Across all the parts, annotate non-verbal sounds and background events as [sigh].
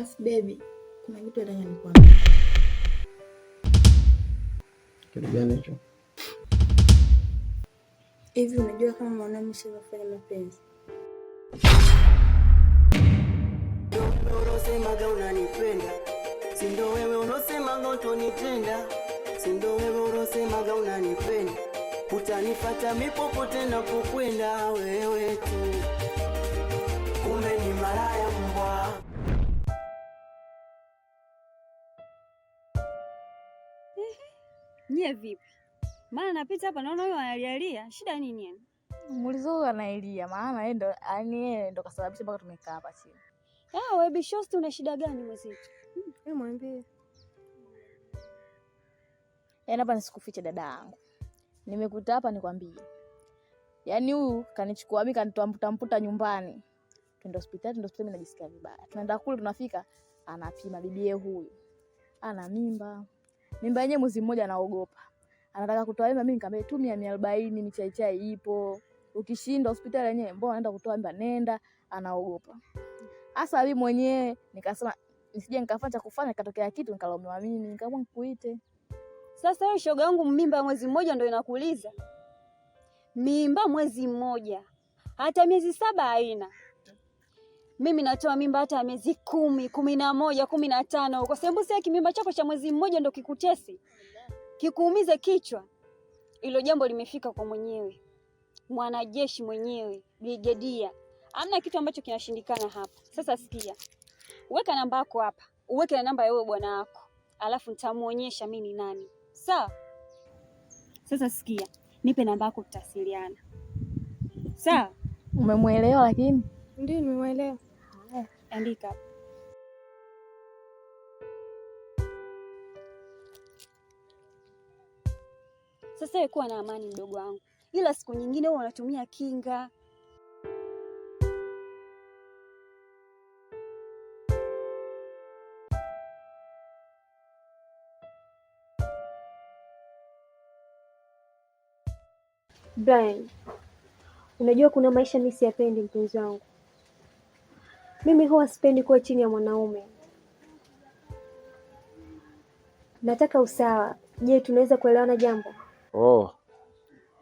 Afu baby, kuna kitu nataka nikwambie. Kitu gani hicho? Hivi unajua kama mwanaume shafanya mapenzi unosemaga unanipenda, si ndo wewe unosemaga utonitenda, si ndo wewe unosemaga unanipenda, utanifata mipopote kukwenda wewe tu nisaidie vipi? Maana napita hapa naona huyo analialia, shida nini yani? Muulizo huyo analia, maana yeye ndo yani yeye ndo kasababisha mpaka tumekaa hapa chini. Ah, wewe Bishosti una shida gani mwezitu? Hmm, hebu mwambie. Yaani hapa nisikufiche dada yangu. Nimekuta hapa nikwambie. Yaani huyu kanichukua mimi kanitwamputa mputa nyumbani. Tuenda hospitali, tuenda hospitali najisikia vibaya. Tunaenda kule tunafika anapima bibie huyu. Ana mimba mimba yenyewe mwezi mmoja, anaogopa anataka kutoa mimba. Mimi nikamwambia tu mia arobaini michaichai ipo, ukishinda hospitali yenyewe mbona anaenda kutoa mimba, nenda. Anaogopa hasa mimi mwenyewe nikasema nisije nikafanya cha kufanya katokea kitu nikalaumiwa mimi, nikaamua nikuite. Sasa wewe shoga yangu, mimba mwezi mmoja ndio inakuuliza mimba mwezi mmoja, hata miezi saba haina mimi natoa mimba hata miezi kumi, kumi na moja, kumi na tano, kwa sababu sasa kimimba chako cha mwezi mmoja ndo kikutesi kikuumize kichwa. Hilo jambo limefika kwa mwenyewe, mwanajeshi mwenyewe, brigedia. Amna kitu ambacho kinashindikana hapa. Sasa sikia, weka namba yako hapa, uweke na namba ya wewe bwana wako, alafu nitamuonyesha mimi ni nani, sawa? Sasa sikia, nipe namba yako, tutawasiliana, sawa? Umemwelewa? Lakini ndio, nimeelewa andika. Sasa wewe kuwa na amani, mdogo wangu, ila siku nyingine wewe unatumia kinga. Brian, unajua kuna maisha mimi siyapendi, mpenzi wangu mimi huwa sipendi kuwa chini ya mwanaume, nataka usawa. Je, tunaweza kuelewana jambo? Oh,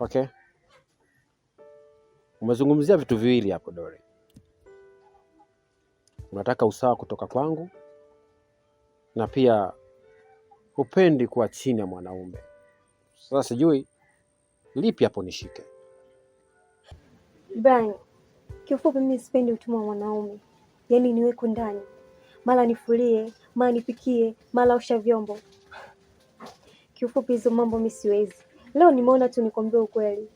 okay. Umezungumzia vitu viwili hapo Dore. Unataka usawa kutoka kwangu na pia hupendi kuwa chini ya mwanaume. Sasa sijui lipi hapo nishike. Bang, kifupi mimi sipendi utumwa wa mwanaume yani niweko ndani, mara nifulie, mala nipikie, mala osha vyombo. Kiufupi hizo mambo mi siwezi. Leo nimeona tu nikwambie ukweli.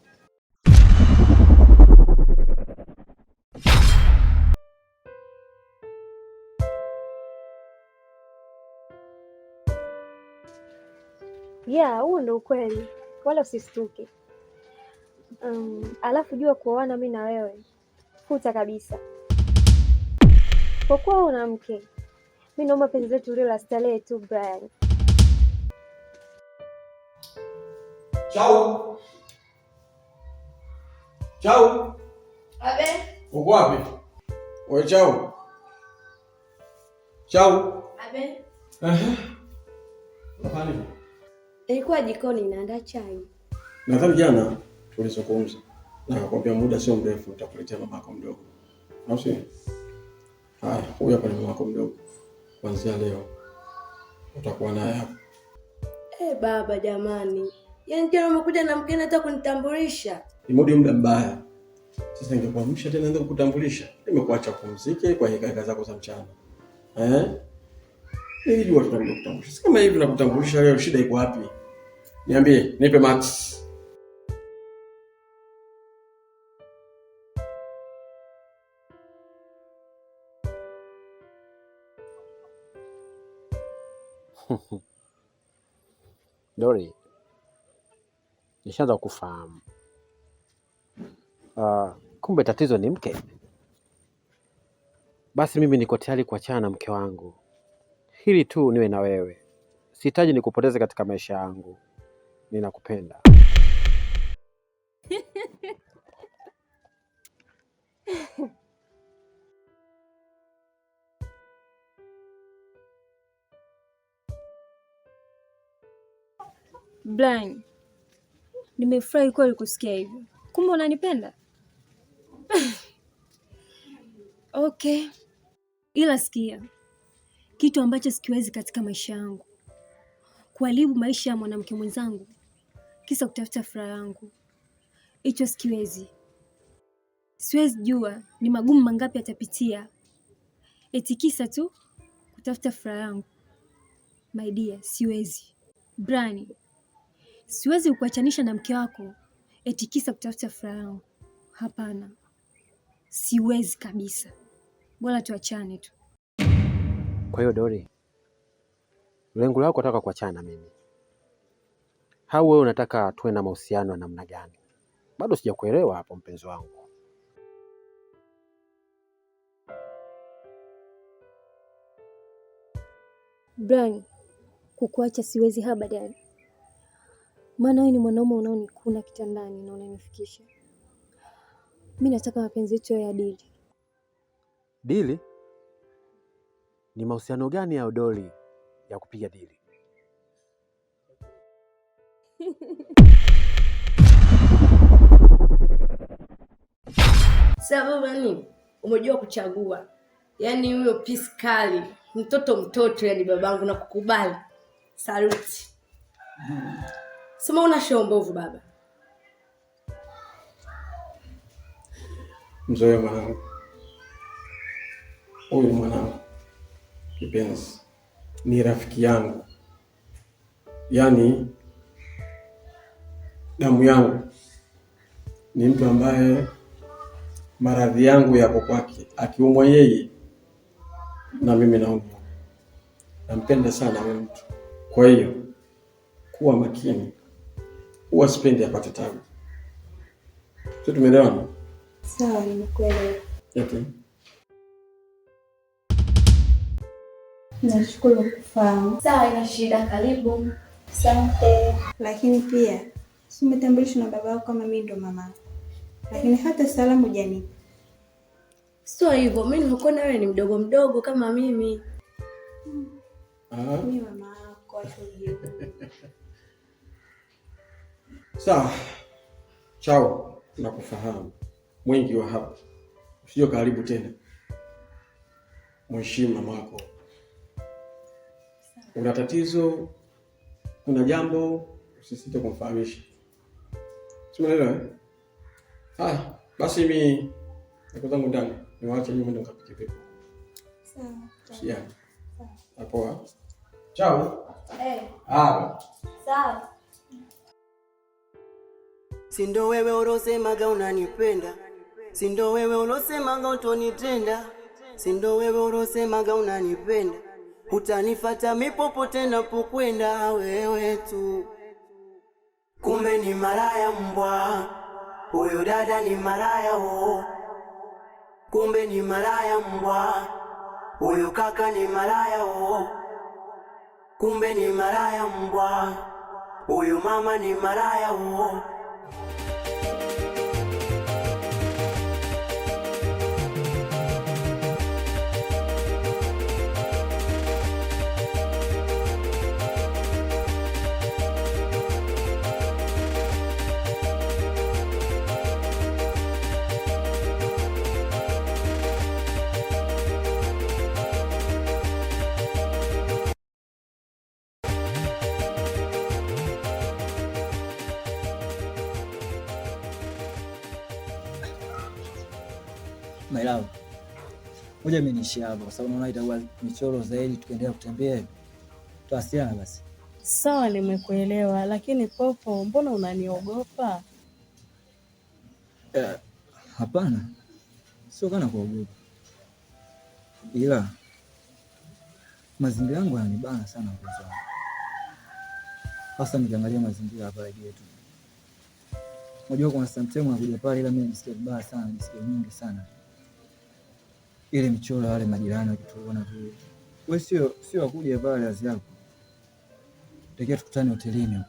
Yeah, huo ndo ukweli, wala usistuke. Um, alafu jua kuoana mi na wewe futa kabisa isipokuwa una mke, mi naomba penzi letu lio la starehe tu Brian. Chao. Chao. Abe. Uko wapi? Wewe chao. Chao. Abe. Eh. Ilikuwa jikoni naandaa chai. Nadhani jana tulizungumza. Na nakwambia muda sio mrefu utakuletea babako mdogo. Au sio? Haya, huyu hapa ni wako mdogo, kuanzia leo utakuwa naye hapa. Eh, baba jamani, yaani tena umekuja na mgeni hata kunitambulisha. Imodi muda mbaya sasa, ningekuamsha tena ndio kukutambulisha. Nimekuacha pumzike kwa hekaheka zako za mchana eh? Nilijua tutakuja kutambulisha. Kama hivi nakutambulisha leo, shida iko wapi? Niambie, nipe max [laughs] Dori, nishaanza kufahamu. Uh, kumbe tatizo ni mke. Basi mimi niko tayari kuachana na mke wangu, hili tu niwe na wewe. Sihitaji nikupoteze katika maisha yangu, ninakupenda. Blind. Nimefurahi kweli kusikia hivyo. Kumbe unanipenda? [laughs] Okay, ila sikia kitu ambacho sikiwezi katika maisha yangu, kuharibu maisha ya mwanamke mwenzangu kisa kutafuta furaha yangu. Hicho sikiwezi. Siwezi jua ni magumu mangapi atapitia eti kisa tu kutafuta furaha yangu. My dear, siwezi Brani. Siwezi kuachanisha na mke wako eti kisa kutafuta furaha yangu. Hapana, siwezi kabisa. Bora tuachane tu. Kwa hiyo Dori, lengo lako nataka kuachana mimi au wewe unataka tuwe na mahusiano ya namna gani? Bado sijakuelewa hapo, mpenzi wangu. Brian, kukuacha siwezi habadani maana wewe ni mwanaume unaonikuna kitandani na unanifikisha. Mimi nataka mapenzi yetu ya dili. Dili ni mahusiano gani ya udoli ya kupiga dili? [laughs] Sababu yani umejua kuchagua, yaani huyo kali mtoto mtoto, yani babangu na kukubali. Saluti. [laughs] Sema una shia mbovu baba. Mzoe mwanangu, huyu mwanangu kipenzi ni rafiki yangu, yaani damu yangu. Ni mtu ambaye maradhi yangu yako kwake, akiumwa yeye na mimi naumwa. Nampenda sana huyu mtu, kwa hiyo kuwa makini huwa sipendi apate tabu. Sio, tumeelewana? Sawa, nimekuelewa. Okay. Nashukuru kufahamu. Sawa, ina shida, karibu. Asante. Lakini pia si umetambulishwa na baba yako kama mimi ndo mama, lakini hata salamu hujanipa. Sio hivyo, mimi nimekuona wewe ni mdogo mdogo kama mimi. Mimi mama yako. [laughs] Sawa, chao, nakufahamu mwingi wa hapa, usije karibu tena, mheshimu mama Una tatizo, kuna jambo, usisite kumfahamisha. eh? Ah, basi mi niko zangu ndani, niwaache mimi ndo nikapike pepo. Sawa. Poa. Chao. Eh. Ah. Sawa. Sindo wewe ulosemaga unanipenda, sindo wewe ulosemaga utonitenda, sindo wewe ulosemaga unanipenda, utanifata mipopote napokwenda, wewe tu. Kumbe ni maraya mbwa, huyo dada ni maraya wo. Kumbe ni maraya mbwa, huyo kaka ni maraya wo. Kumbe ni maraya mbwa, huyo mama ni maraya wo. my love, ngoja mimi niishi hapo kwa sababu naona itakuwa michoro zaidi tukiendelea kutembea. hivi. Tuasiana basi. Sawa, nimekuelewa, lakini Popo, mbona unaniogopa? Eh, hapana, sio kana kuogopa, ila mazingira yangu yananibana sana kuzaa, hasa nikiangalia mazingira hapa yetu. Unajua kuna sometimes nakuja pale, ila mimi nisikia vibaya sana, nisikia nyingi sana ili michoro wale majirani wakituona vile, wewe sio sio wakuja pale azi yako. Takia tukutane hotelini.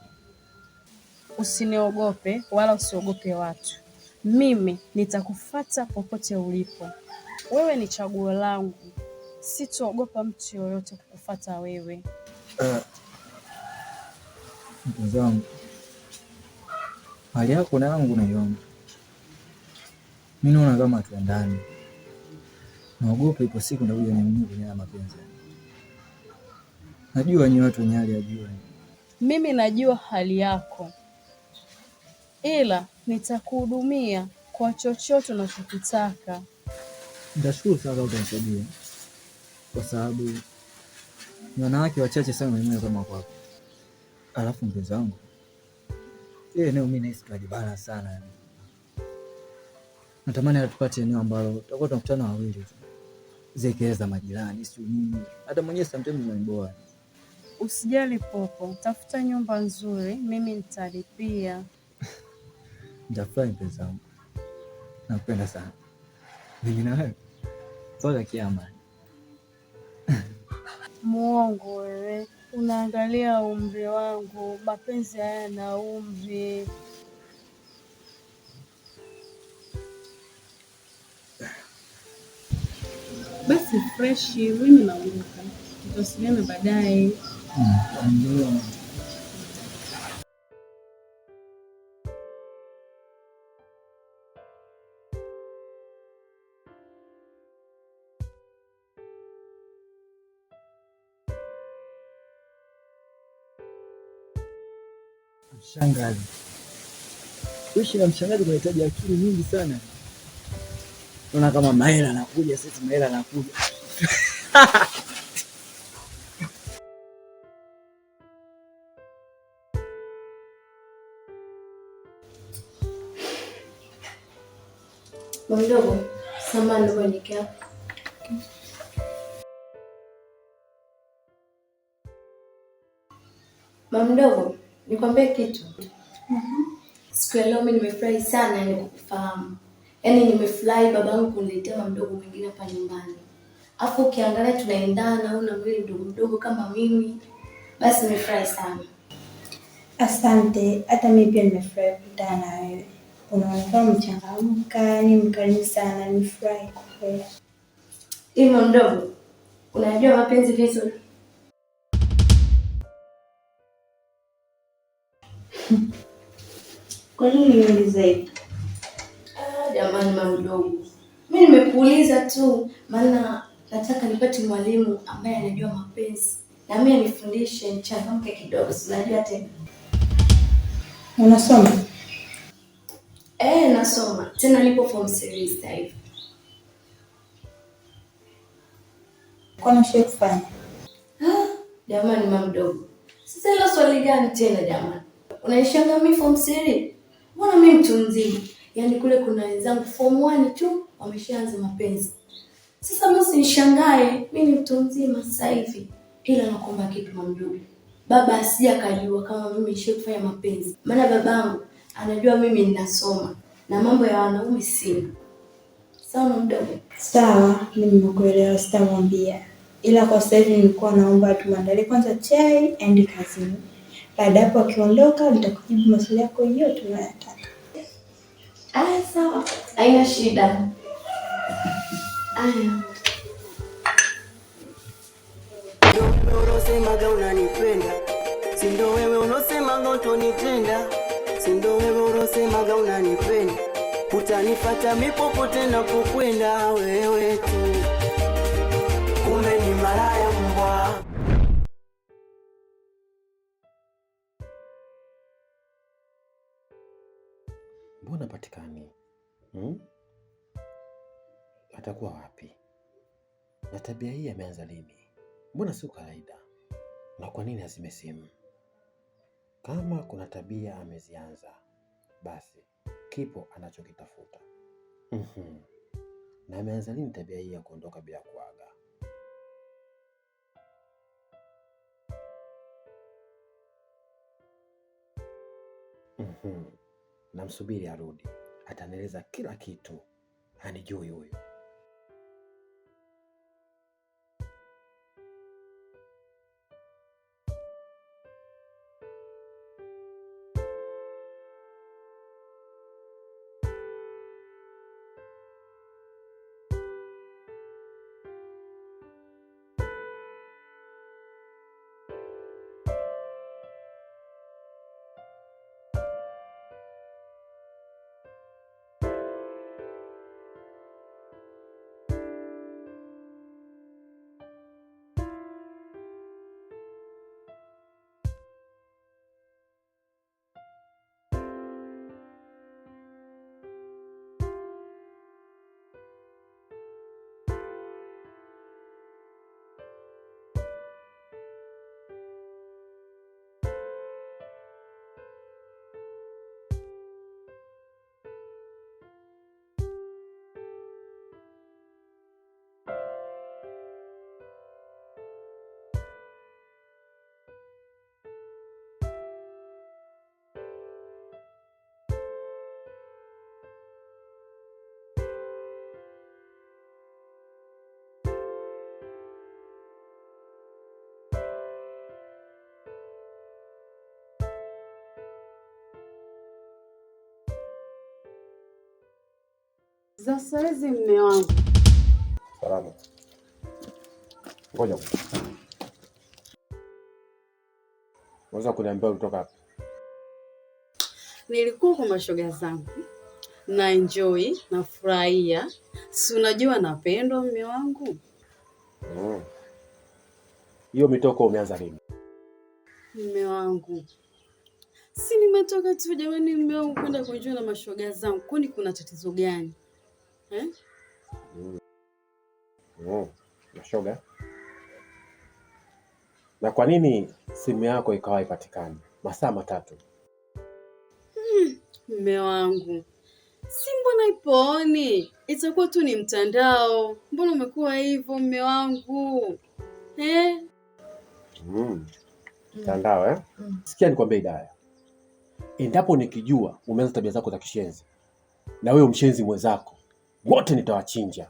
Usiniogope wala usiogope watu, mimi nitakufuata popote ulipo. Wewe ni chaguo langu, sitoogopa mtu yoyote kukufuata wewe. Uh, mpenzi wangu, hali yako na yangu naiona, mi naona kama tuendani Naogopa ipo siku nitakuja niumie kwenye haya mapenzi. Najua ni watu wenye hali ya juu. Mimi najua hali yako, ila nitakuhudumia kwa chochote unachokitaka. Nitashukuru sana kama utanisaidia, kwa sababu ni wanawake wachache sana wenyewe kama kwako. Alafu mpenzi wangu, ile eneo mimi nahisi tunajibana sana, natamani atukate eneo ambalo tutakuwa tunakutana wawili tu zile kelele za majirani, sio nini, hata mwenyewe sometimes unaniboa. Usijali Popo, tafuta nyumba nzuri, mimi nitalipia. [laughs] Nitafurahi mpenzi wangu, nakupenda sana mimi na wewe mpaka kiama. [laughs] Muongo wewe, unaangalia umri wangu, mapenzi haya na umri Basi freshi, mimi naondoka, tutawasiliana baadaye. Shangazi, Mshangazi, wishi na mshangazi kunahitaji akili nyingi sana. Naona kama mahela anakuja sasa, mahela anakuja mdogo samani kuelekea mama mdogo, nikwambie kitu. Mhm. Siku ya leo mimi nimefurahi sana, ni nikukufahamu Yaani nimefurahi babangu kuniletea mdogo mwingine hapa nyumbani. Afu ukiangalia tunaendana, una mwili mdogo mdogo kama mimi. Basi nimefurahi sana. Asante, hata mimi pia nimefurahi kukutana na wewe. Unaonekana mchangamka, yaani ni mkarimu sana, nimefurahi kukuona. kweli. Hivyo mdogo, unajua mapenzi vizuri. [laughs] Kwa nini niulize hivi? Jamani mama mdogo, mimi nimekuuliza tu, maana nataka nipate mwalimu ambaye anajua mapenzi na mimi anifundishe, nichangamke kidogo, si najua tena. Unasoma? Eh, nasoma tena, nipo form series sasa hivi. Kwani ushawahi kufanya? Ah, jamani mama mdogo, sasa hilo swali gani tena jamani? Unaishanga mimi form series? Mbona mimi mtu mzima Yaani kule kuna wenzangu form 1 tu wameshaanza mapenzi. Sasa mimi usinishangae, mimi ni mtu mzima sasa hivi, ila nakuomba kitu mamdudu, baba asija kajua kama mimi nishie kufanya mapenzi, maana babangu anajua mimi ninasoma na mambo ya wanaume sina. Sawa mamdogo? Sawa, mimi nimekuelewa, sitamwambia, ila kwa sasa hivi nilikuwa naomba tumwandalie kwanza chai and kazini, baada hapo akiondoka nitakujibu maswali yako yote unayotaka. Aya, ah, sawa, haina shida. Aya, unosemaga unanipenda, si ndo wewe? Unosemaga utonitenda, si ndo wewe? Unosemaga unanipenda, utanipata mipopote kukwenda wewe tu, kumbe ni malaya mbona patikani? Hmm? Atakuwa wapi? Na tabia hii ameanza lini? Mbona sio kawaida? Na kwa nini azime simu? Kama kuna tabia amezianza, basi kipo anachokitafuta. Mm-hmm. Na ameanza lini tabia hii ya kuondoka bila kuaga? Mm-hmm namsubiri arudi, ataneleza kila kitu, anijui huyu. za saizi mme wangu. Salama. Ngoja. kuniambia ulitoka hapa? Nilikuwa kwa mashoga zangu na enjoy na furahia, si unajua napendwa mme wangu. Mm. Hiyo mm, mitoko umeanza lini? Mme wangu si nimetoka tu jamani, mme wangu kwenda kunjua na mashoga zangu, kwani kuna tatizo gani? Hmm? Hmm. Mm. na kwa nini simu yako ikawa ipatikani masaa matatu? Mme hmm, wangu si mbona ipooni, itakuwa tu ni mtandao. Mbona umekuwa hivyo mme wangu eh? Hmm. Mtandao eh? Hmm. Sikia nikwambia Idaya, endapo nikijua umeanza tabia zako za kishenzi na wewe mshenzi mwenzako wote nitawachinja.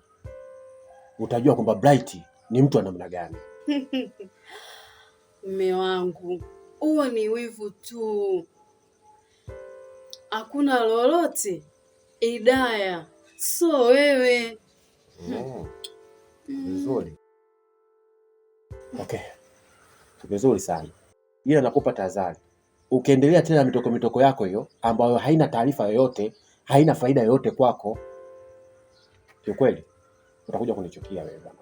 Utajua kwamba Bright ni mtu wa namna gani. [laughs] Mme wangu, huo ni wivu tu, hakuna lolote. Idaya so wewe mm. Mm. vizuri. Mm. Okay, vizuri sana, ila nakupa tahadhari, ukiendelea tena mitoko mitoko yako hiyo ambayo haina taarifa yoyote, haina faida yoyote kwako Kiukweli utakuja kunichukia wewe bwana.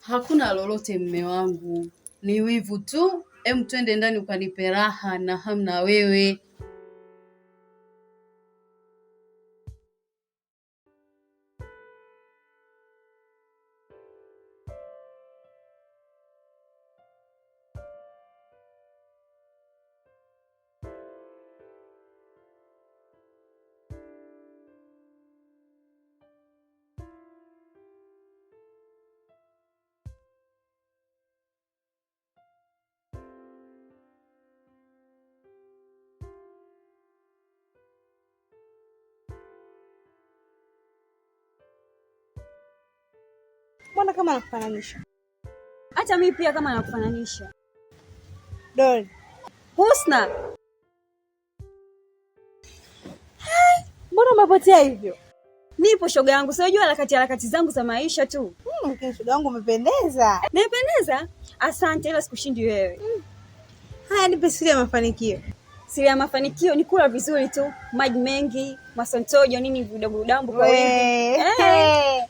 Hakuna lolote mme wangu, ni wivu tu. Em, twende ndani ukanipe raha na hamna wewe Mbona kama nakufananisha? Hata mimi pia kama nakufananisha. Dori. Husna. Mbona umepotea hivyo? Nipo shoga yangu, siojua unajua harakati harakati zangu za maisha tu. Hmm, lakini hmm, shoga yangu umependeza. Nimependeza? Asante, ila sikushindi wewe. Mm. Haya, nipe siri ya mafanikio. Siri ya mafanikio ni kula vizuri tu, maji mengi, masontojo, nini, vidaburudambu kwa wingi. Eh. Hey.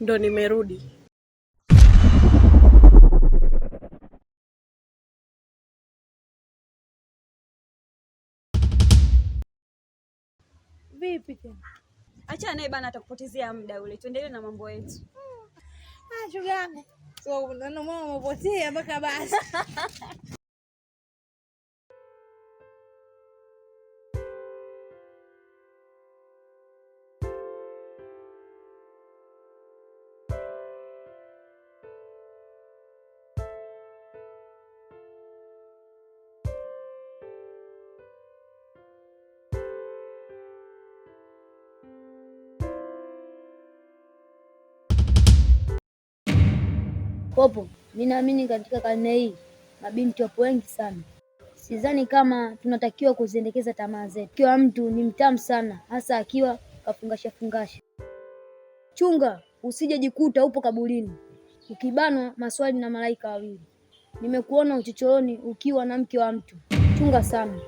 Ndo nimerudi vipi tena? Acha naye bana, atakupotezea muda ule. Tuendelee na mambo yetu. Ah, shoga So, unaona mama umepotea mpaka basi. [laughs] Popo, mi naamini katika karne hii mabinti wapo wengi sana. Sidhani kama tunatakiwa kuziendekeza tamaa zetu. Kiwa mtu ni mtamu sana, hasa akiwa kafungasha fungasha. Chunga usije jikuta upo kaburini ukibanwa maswali na malaika wawili. Nimekuona uchochoroni ukiwa na mke wa mtu. Chunga sana.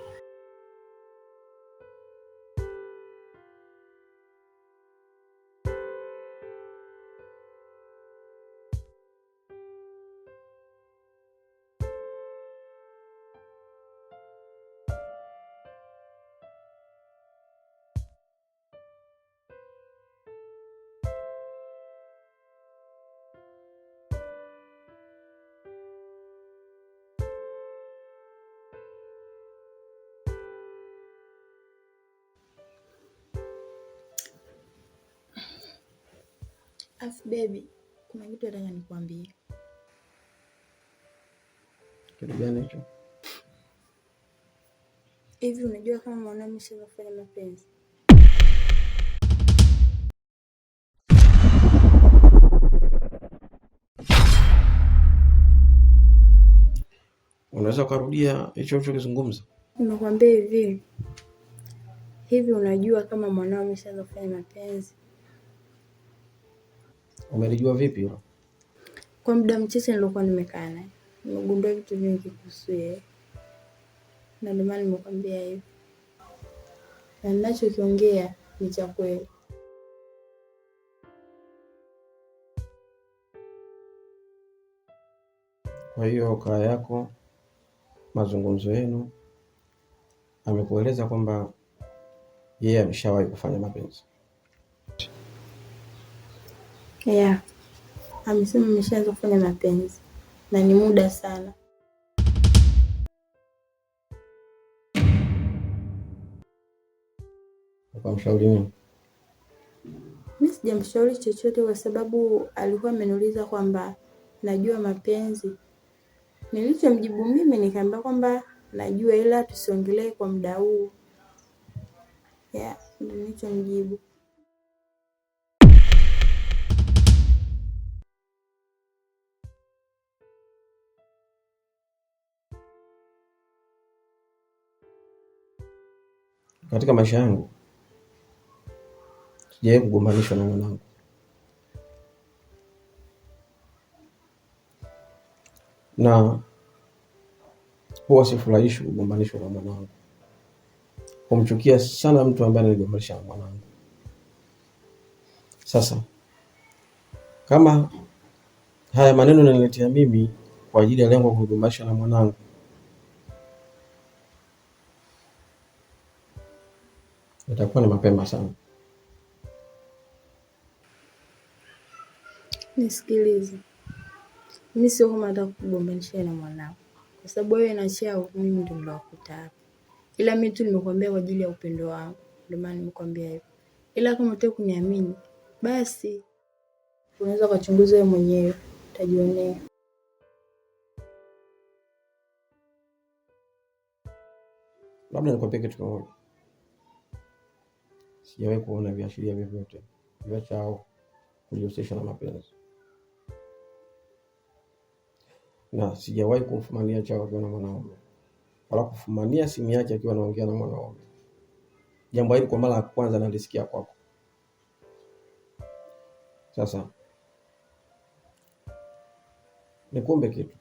Afu baby, kuna kitu nataka nikwambie. Kitu gani hicho? Hivi unajua kama mwanao ameshaanza kufanya mapenzi? Unaweza ukarudia hicho hicho kizungumza? Nimekwambia hivi. Hivi unajua kama mwanao ameshaanza kufanya mapenzi? Umelijua vipi hilo? Kwa muda mchache nilikuwa nimekaa naye, nimegundua vitu vingi kuhusu yeye, na ndio maana nimekwambia hivi, na ninachokiongea ni cha kweli. Kwa hiyo kaa yako, mazungumzo yenu, amekueleza kwamba yeye ameshawahi kufanya mapenzi? Yeah. Amesema ameshaanza kufanya mapenzi na ni muda sana. Ukamshauri nini? Mimi sijamshauri chochote kwa sababu alikuwa ameniuliza kwamba najua mapenzi. Nilichomjibu mimi nikaambia kwamba najua, ila tusiongelee kwa muda huu. Yeah, nilichomjibu. katika maisha yangu sijawahi kugombanishwa na mwanangu. na huwa sifurahishi kugombanishwa na mwanangu, kumchukia sana mtu ambaye anigombanisha na mwanangu. Sasa kama haya maneno naniletea mimi kwa ajili ya lengo kugombanisha na mwanangu itakuwa ni mapema sana. Nisikilize, mimi sio kama hata kugombanisha na mwanao, kwa sababu wewe na chao mimi ndio niliokuta hapa, ila mimi tu nimekuambia kwa ajili ya upendo wangu, ndio maana nimekuambia hivyo, ila kama utaki kuniamini, basi unaweza ukachunguza wewe mwenyewe, utajionea. Labda nikwambie kitu kimoja sijawahi kuona viashiria vyovyote vya chao kujihusisha na mapenzi, na sijawahi kumfumania chao akiwa na mwanaume wala kufumania simu yake akiwa anaongea na mwanaume. Jambo hili kwa mara ya kwanza nalisikia kwako. Sasa nikumbe kitu,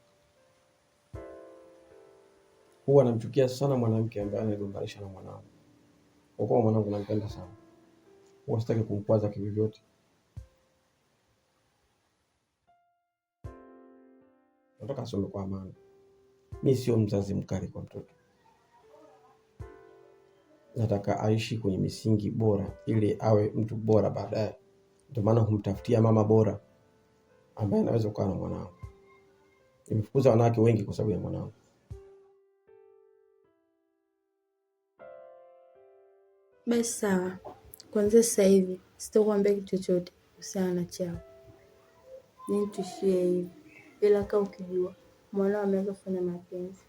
huwa anamchukia sana mwanamke ambaye anagombanisha na mwanaume. Kwa kuwa mwanangu nampenda sana wasitaki kumkwaza kivyovyote. Nataka asome kwa amani. Mi sio mzazi mkali kwa mtoto, nataka aishi kwenye misingi bora ili awe mtu bora baadaye. Ndio maana humtafutia mama bora ambaye anaweza kukaa na mwanao. Nimefukuza wanawake wengi kwa sababu ya mwanao. Basi sawa. Kwanza sasa hivi sitakuambia kitu chochote kuhusiana na chao, nitishie hivi, ila kaa ukijua mwanao ameanza kufanya mapenzi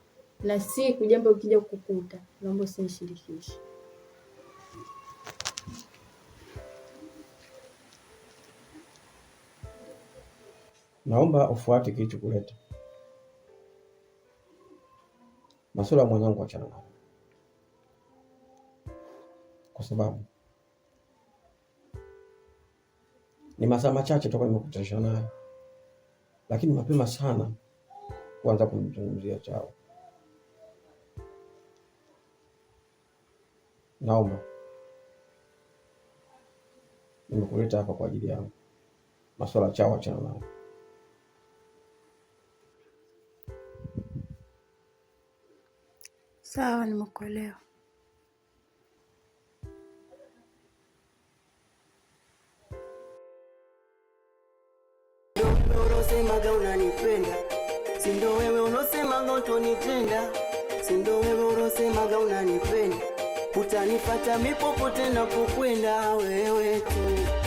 na siku jambo ukija kukuta, naomba usinishirikishe. Naomba ufuate kuleta Masuala mwanangu, achana nao kwa sababu ni masaa machache toka nimekutanisha naye, lakini mapema sana kuanza kumzungumzia Chao. Naomba, nimekuleta hapa kwa ajili ya masuala Chao achana nayo. Sawa, nimekuelewa. moto nitenda sindo wewe urosemaga unanipenda, utanifata mipopote kukwenda wewe tu